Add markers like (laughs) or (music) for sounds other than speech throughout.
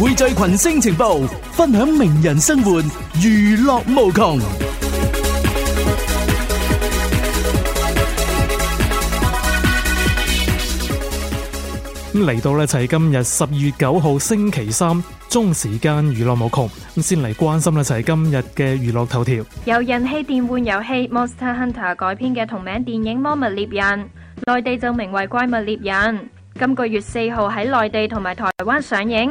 匯聚群星情報，分享名人生活，娛樂無窮。咁嚟到呢，就係今日十二月九號星期三中時間娛樂無窮，咁先嚟關心呢，就係今日嘅娛樂頭條，有人氣電玩遊戲《Monster Hunter》改編嘅同名電影《魔物獵人》，內地就名為《怪物獵人》，今個月四號喺內地同埋台灣上映。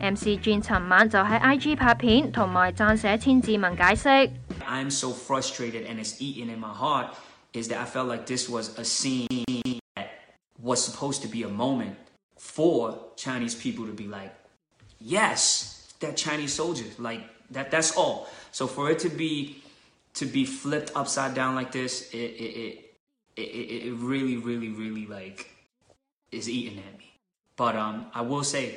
MC Jin 尋晚就喺 IG 拍片，同埋撰寫千字文解釋。I'm so frustrated and it's eaten in my heart, is that I felt like this was a scene that was supposed to be a moment for Chinese people to be like, "Yes, that Chinese soldier, like, that, that's all." So for it to be, to be flipped upside down like this, it, it, it, it really, really, really like, it's eaten at me. But, um, I will say,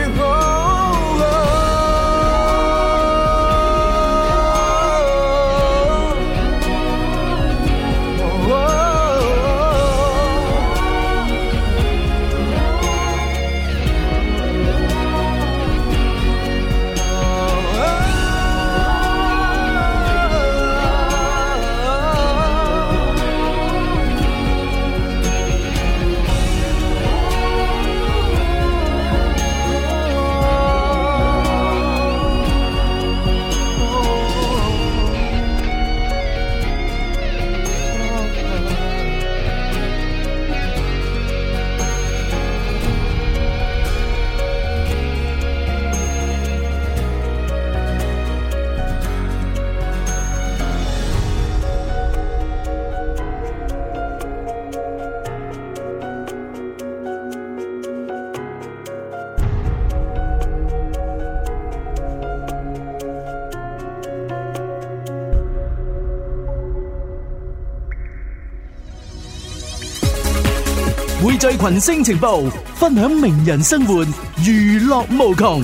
群星情報，分享名人生活，娛樂無窮。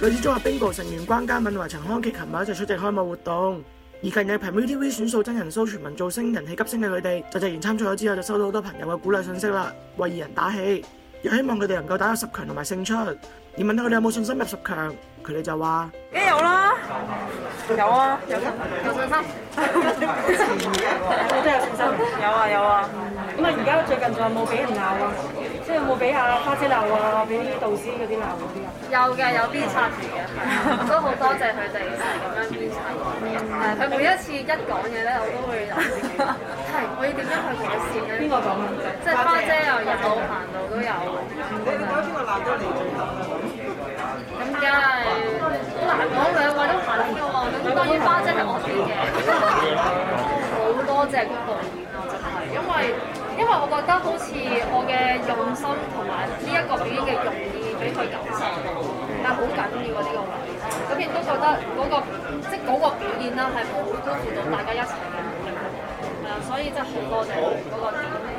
女子組合 bingo 成員關嘉敏同陳康琪，琴晚一齊出席開幕活動。而近日憑 ViuTV 選數真人 show 全民造星人氣急升嘅佢哋，就突然參賽咗之後，就收到好多朋友嘅鼓勵信息啦，為二人打氣。又希望佢哋能夠打到十強同埋勝出。你問下佢哋有冇信心入十強，佢哋就話：梗有啦，有啊，有有信心。真係有信心，有啊，有啊。有 (laughs) 咁啊！而家最近仲有冇俾人鬧啊？即係有冇俾下花姐鬧啊？俾啲導師嗰啲鬧嗰啲啊？有嘅，有編輯嘅，的 (laughs) 我都好多謝佢哋咁樣編輯。唔 (laughs) 佢、嗯、每一次一講嘢咧，我都會諗係 (laughs) 我要點樣去改善咧。邊個講咁多？即係花姐又有，頻道都有。嗯嗯、你講邊個鬧咗你最慘啊？咁梗係好難講兩位都犯喎。咁、嗯、當然花姐係惡啲嘅。好 (laughs) (laughs) 多謝佢導演啊！真係，因為。因為我覺得好似我嘅用心同埋呢一個表演嘅用意俾佢感受，但係好緊要啊，呢個位，咁亦都覺得嗰個即係嗰個表演啦係冇辜負到大家一齊嘅努力，係啊，所以真係好多謝嗰個點。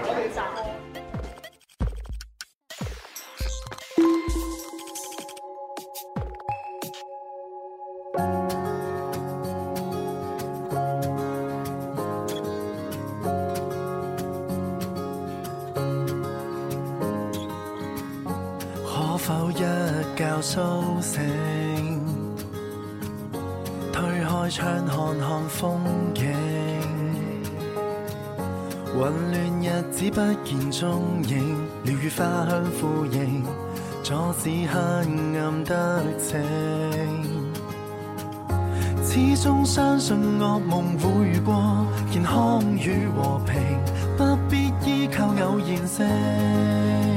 推開窗看看風景，混亂日子不見蹤影，鳥語花香呼應，阻止黑暗得逞。始終相信惡夢會過，健康與和平，不必依靠偶然性。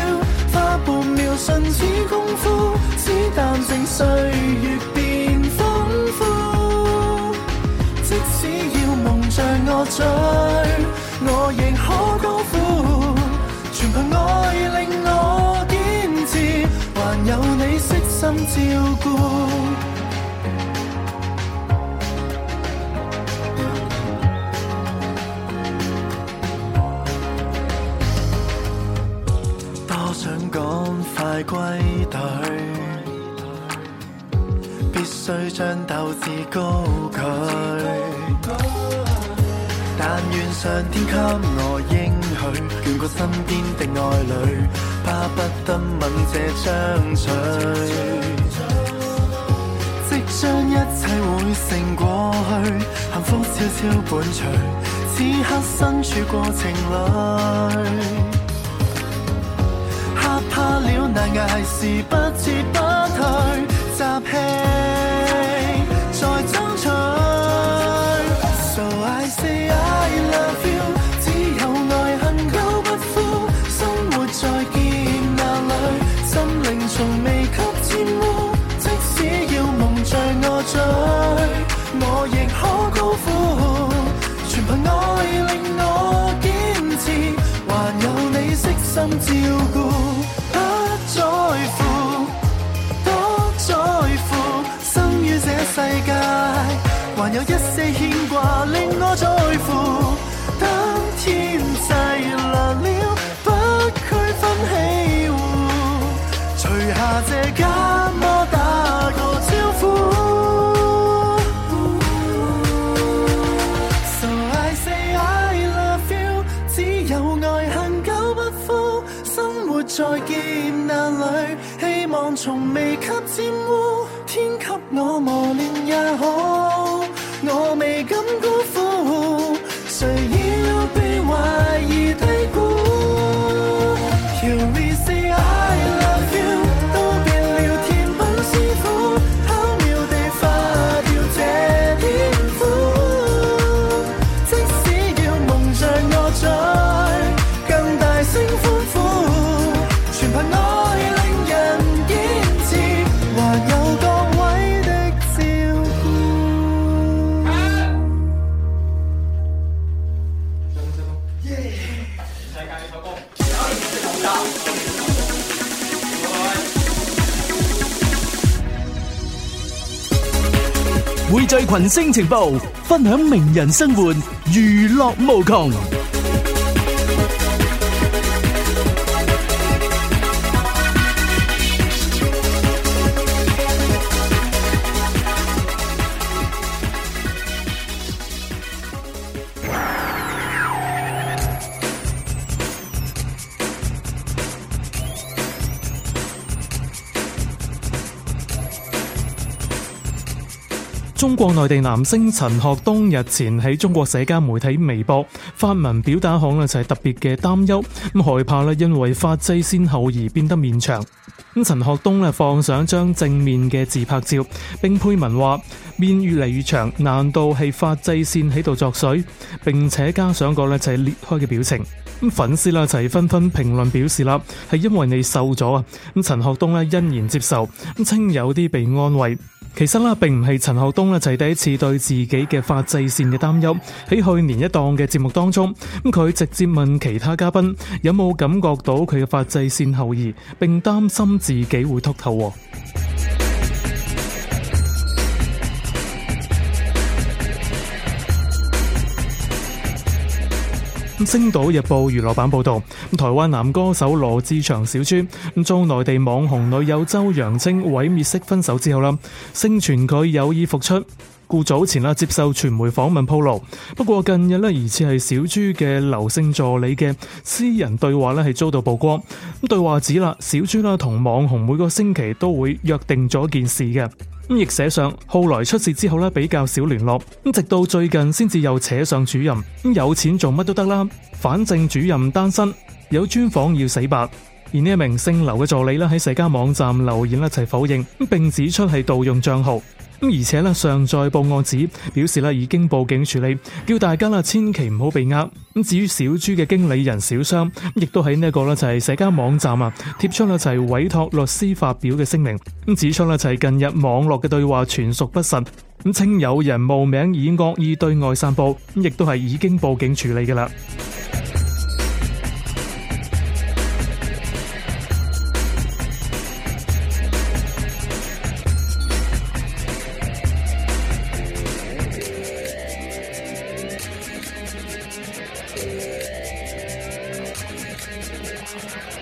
唇齒功夫，只淡靜歲月變豐富。即使要蒙著我嘴，我亦可高呼。全憑愛令我堅持，還有你悉心照顧。歸隊，必須將鬥志高舉。但願上天給我應許，眷顧身邊的愛侶，巴不得吻這張嘴。即將一切會成過去，幸福悄悄伴隨，此刻身處過情侶。怕了難挨時，不撤不退，習氣。從未給玷污，天給我無。聚群星情報，分享名人生活，娛樂無窮。國內地男星陳學冬日前喺中國社交媒體微博發文表達行能就係特別嘅擔憂，咁害怕因為髮際線後移而變得面長。咁陳學冬咧放上張正面嘅自拍照，並配文話面越嚟越長，難道係髮際線喺度作祟？並且加上個咧就係裂開嘅表情。咁粉絲就係紛紛評論表示啦，係因為你瘦咗啊！咁陳學冬咧欣然接受，咁稱有啲被安慰。其實啦，並唔係陳學冬咧就係第一次對自己嘅髮際線嘅擔憂，喺去年一檔嘅節目當中，咁佢直接問其他嘉賓有冇感覺到佢嘅髮際線後移，並擔心自己會禿頭。星島日報娛樂版報道，台灣男歌手羅志祥小豬，遭內地網紅女友周揚青毀滅式分手之後啦，盛傳佢有意復出。故早前啦，接受傳媒訪問鋪路。不過近日咧，疑似係小豬嘅劉姓助理嘅私人對話咧，係遭到曝光。咁對話指啦，小豬啦同網紅每個星期都會約定咗件事嘅。咁亦寫上後來出事之後咧，比較少聯絡。咁直到最近先至又扯上主任。咁有錢做乜都得啦，反正主任單身，有專訪要洗白。而呢一名姓劉嘅助理啦，喺社交網站留言一齊否認，並指出係盜用賬號。而且咧，上載報案紙表示咧，已經報警處理，叫大家啦千祈唔好被呃。咁至於小豬嘅經理人小商，咁亦都喺呢一個咧就係社交網站啊貼出啦就係委託律師發表嘅聲明，咁指出啦就係近日網絡嘅對話全屬不實，咁稱有人冒名以惡意對外散布，咁亦都係已經報警處理噶啦。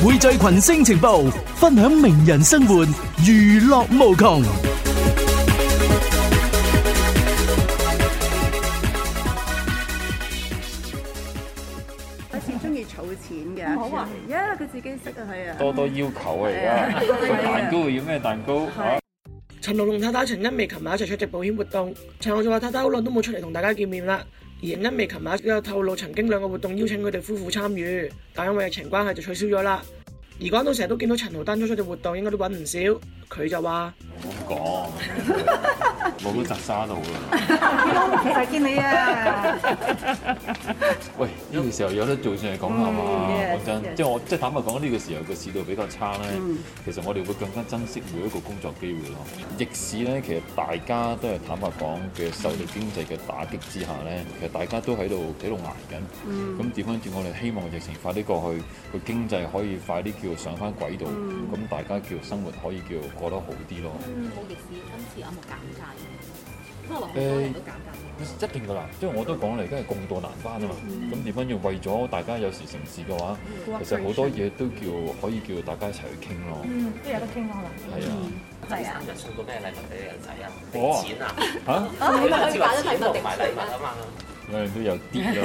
匯聚群星情報，分享名人生活，娛樂無窮。好似中意儲錢嘅，好啊！呀，佢自己識啊，佢啊，多多要求啊，而家蛋糕要咩蛋糕啊？陳龍龍太太陳茵媺琴晚一齊出席保險活動，陳龍就話太太好耐都冇出嚟同大家見面啦。而恩恩未琴晚亦有透露，曾經兩個活動邀請佢哋夫婦參與，但因為疫情關係就取消咗啦。而講到成日都見到陳豪登咗出啲活動，應該都揾唔少。佢就話：冇講，冇咁窄殺就好啦。又係見你啊！喂，呢、這個時候有得做算係咁啊嘛，講、嗯、真。即、嗯、係、就是、我即係、就是、坦白講，呢、這個時候個市道比較差啦、嗯。其實我哋會更加珍惜每一個工作機會咯。逆市咧，其實大家都係坦白講嘅受到經濟嘅打擊之下咧，其實大家都喺度喺度捱緊。咁點樣叫我哋希望疫情快啲過去，個經濟可以快啲要上翻軌道，咁、嗯、大家叫生活可以叫過得好啲咯。嗯、好冇歷史今次有冇減價？嘢都、欸、一定噶啦，即係我都講啦，而家係共度難關啊嘛。咁、嗯、點樣要為咗大家有時城市嘅話、嗯，其實好多嘢都叫可以叫大家一齊去傾咯。嗯，都有得傾咯，係啊，係、嗯、啊。送過咩禮物俾你人仔啊？定、oh? 錢啊？嚇、啊？因為佢搞啊嘛。啊啊啊啊啊啊啊誒都有啲啊，跌啊！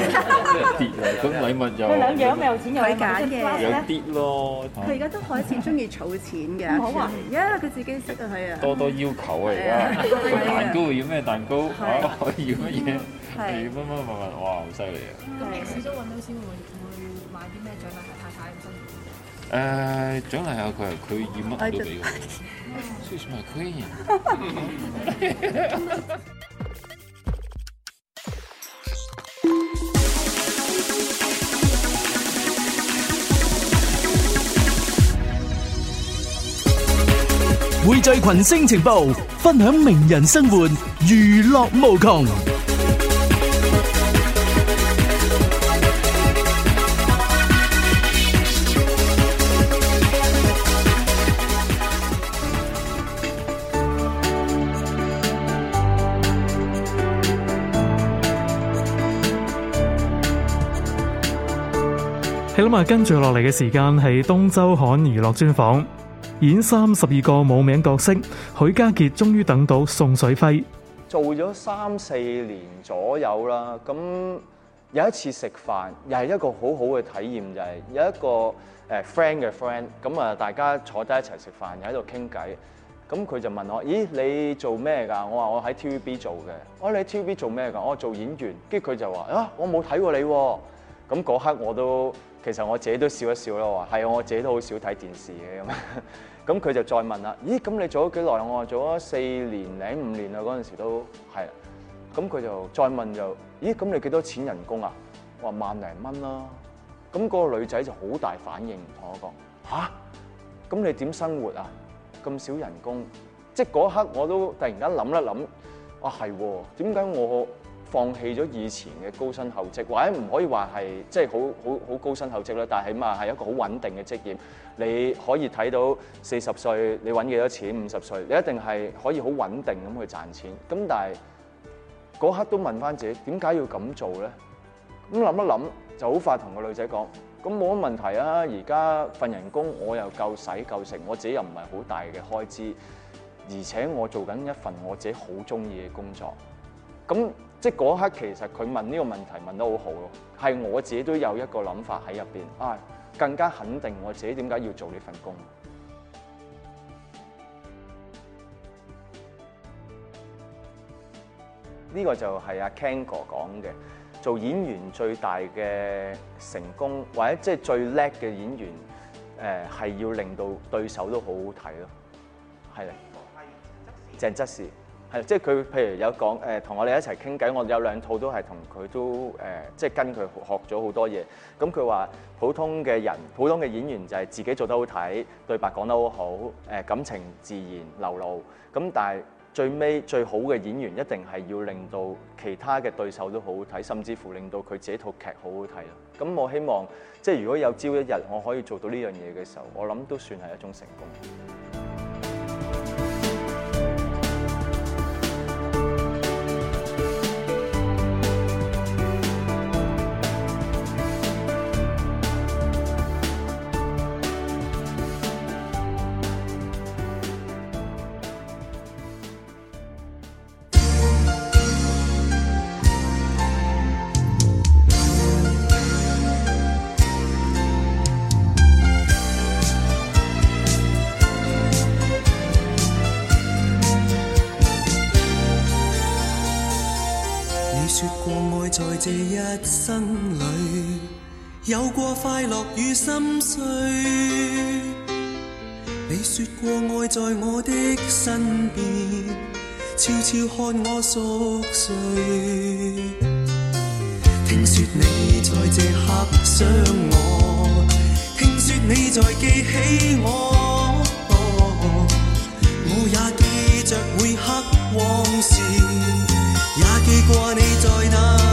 咁禮物有，佢兩樣，咪有錢有假嘅，有啲咯。佢而家都開始中意儲錢嘅，唔好話而家佢自己識啊，係啊。多多要求啊而家，個蛋糕要咩蛋糕嚇？可以要乜嘢？要乜乜乜乜？哇，好犀利啊！咁年少揾到錢會唔會買啲咩獎勵係太太嘅身？誒獎勵啊，佢係佢要乜我都俾佢。笑死我！哈哈哈。匯聚群星情報，分享名人生活，娛樂無窮。喺咁啊，跟住落嚟嘅時間係東周刊娛樂專訪。演三十二個冇名角色，許家傑終於等到宋水輝。做咗三四年左右啦，咁有一次食飯，又係一個好好嘅體驗，就係、是、有一個誒 friend 嘅 friend，咁啊大家坐低一齊食飯，又喺度傾偈，咁佢就問我：咦，你做咩噶？我話我喺 TVB 做嘅。哦、啊，你喺 TVB 做咩噶？我做演員，跟住佢就話：啊，我冇睇過你。咁嗰刻我都，其實我自己都笑一笑啦。話係，我自己都好少睇電視嘅咁。咁佢就再問啦，咦？咁你做咗幾耐？我話做咗四年零五年啦，嗰陣時都係。咁佢就再問就，咦？咁你幾多錢人工啊？我話萬零蚊啦。咁嗰個女仔就好大反應，唔同我講吓？咁你點生活啊？咁少人工，即係嗰刻我都突然間諗一諗，啊係，點解我放棄咗以前嘅高薪厚職，或者唔可以話係即係好好好高薪厚職啦，但係起碼係一個好穩定嘅職業。你可以睇到四十歲你揾幾多錢，五十歲你一定係可以好穩定咁去賺錢。咁但係嗰刻都問翻自己，點解要咁做咧？咁諗一諗就好快同個女仔講，咁冇乜問題啊！而家份人工我又夠使夠食，我自己又唔係好大嘅開支，而且我做緊一份我自己好中意嘅工作，咁。即嗰刻，其實佢問呢個問題問得好好咯，係我自己都有一個諗法喺入邊，啊更加肯定我自己點解要做呢份工。呢個就係阿 Kang 哥講嘅，做演員最大嘅成功或者即係最叻嘅演員，誒係要令到對手都好好睇咯，係，鄭則士。係，即係佢，譬如有講，誒、呃，同我哋一齊傾偈，我哋有兩套都係同佢都，呃、即係跟佢學咗好多嘢。咁佢話普通嘅人，普通嘅演員就係自己做得好睇，對白講得好好、呃，感情自然流露。咁但係最尾最好嘅演員一定係要令到其他嘅對手都好好睇，甚至乎令到佢自己套劇好好睇啦。咁我希望，即係如果有朝一日我可以做到呢樣嘢嘅時候，我諗都算係一種成功。有過快樂與心碎，你說過愛在我的身邊，悄悄看我熟睡。聽說你在這刻想我，聽說你在記起我，我也記着每刻往事，也記掛你在那。